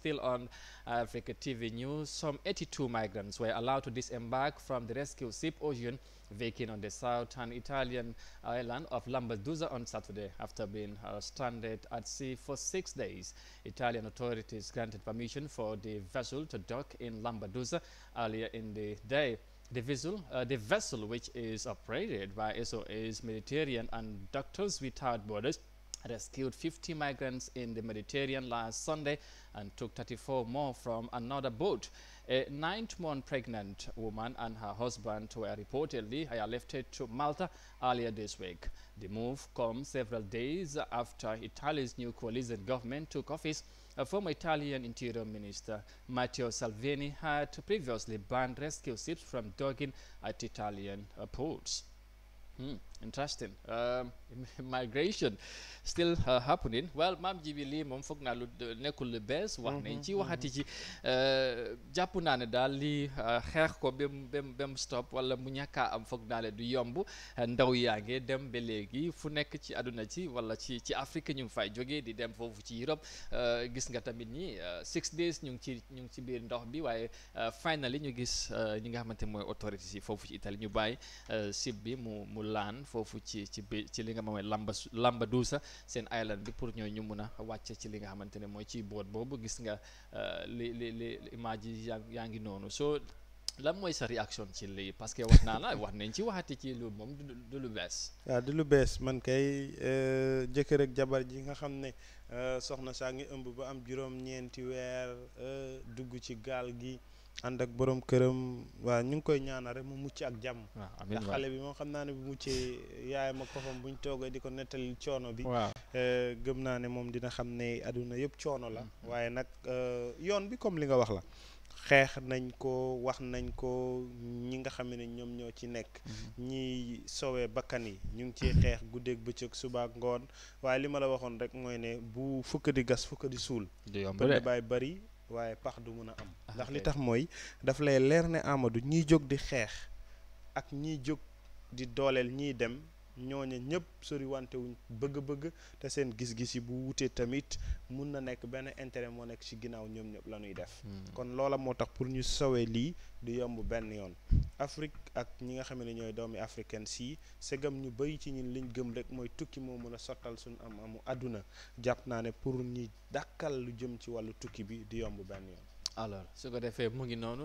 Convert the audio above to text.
Still on Africa TV News, some 82 migrants were allowed to disembark from the rescue ship Ocean Viking on the southern Italian island of Lampedusa on Saturday after being uh, stranded at sea for six days. Italian authorities granted permission for the vessel to dock in Lampedusa earlier in the day. The vessel, uh, the vessel which is operated by SOS Mediterranean and Doctors Without Borders rescued 50 migrants in the Mediterranean last Sunday and took 34 more from another boat. A nine-month pregnant woman and her husband were reportedly airlifted to Malta earlier this week. The move comes several days after Italy's new coalition government took office. A former Italian Interior Minister Matteo Salvini had previously banned rescue ships from dogging at Italian ports. Hmm. interesting um, migration still uh, happening well maam ji lii moom foog naa lu nekkul lu bees wax nañ ci mhm, mhm, waxati mhm. ci euh, jàpp naa ne daal lii euh, xeex ko ba mu stop wala mu ñàkkaa am foog naa le du yomb ndaw yaa ngi dem ba léegi fu nekk ci àdduna ci wala ci ci Afrique ñu ngi fay jógee di dem foofu ci Europe euh, gis nga tamit ñi six days ñu ngi ci ñu ngi ci biir ndox bi waaye finally ñu gis ñi nga xamante mooy autorités yi foofu ci Italie ñu bàyyi sib bi mu mu laan foofu ci ci bi ci li nga moom mooy lamba Lambadusa seen island bi pour ñooy ñu mun a wàcce ci li nga xamante ne mooy ci boot boobu gis nga euh, li li li image yaa ngi noonu soo lan mooy sa réaction ci lii parce que wax naa la wax nañ ci waxati ci lu moom du lu bees. waaw du lu bees man kay euh, jëkkër ak jabar ji nga xam ne euh, soxna saa ngi ëmb ba am juróom-ñeenti weer dugg ci gaal gi. ànd ak borom këram waaw ñu ngi koy ñaanal rek mu mucc ak jàmm. ndax xale bi moom xam naa ne bu muccee yaayam ak papam bu ñu toogee di ko nettali coono bi. Eh, gëm naa ne moom dina xam ne àdduna yëpp coono la. Mm-hmm. waaye nag eh, yoon bi comme li nga wax la. xeex nañ ko wax nañ ko ñi nga xam ne ñoom ñoo ci nekk mm-hmm. ñiy soowee bakkan yi ñu ngi ciy xeex guddeeg bëccëg suba ak ngoon waaye li ma la waxoon rek mooy ne bu fukk di gas fukk di suul. du yomb de bari waaye pax du mun a am ah, ndax li tax mooy daf lay leer ne Amadou ñiy jóg di xeex ak ñiy jóg di dooleel ñiy dem ñooñu ñëpp sori wante wuñ bëgg-bëgg te seen gis-gis yi bu wutee tamit mun na nekk benn intérêt moo nekk ci ginnaaw ñoom ñëpp la ñuy def hmm. kon loola moo tax pour ñu sowee lii di yomb benn yoon Afrique ak ñi nga xam ne ñooy doomi africaine si segam ñu bëri ci ñun liñ gëm rek mooy tukki moo mën a sottal suñu am amu àdduna jàpp naa ne pour ñi dàkkal lu jëm ci wàllu tukki bi di yomb benn yoon alors su ko defee mu ngi noonu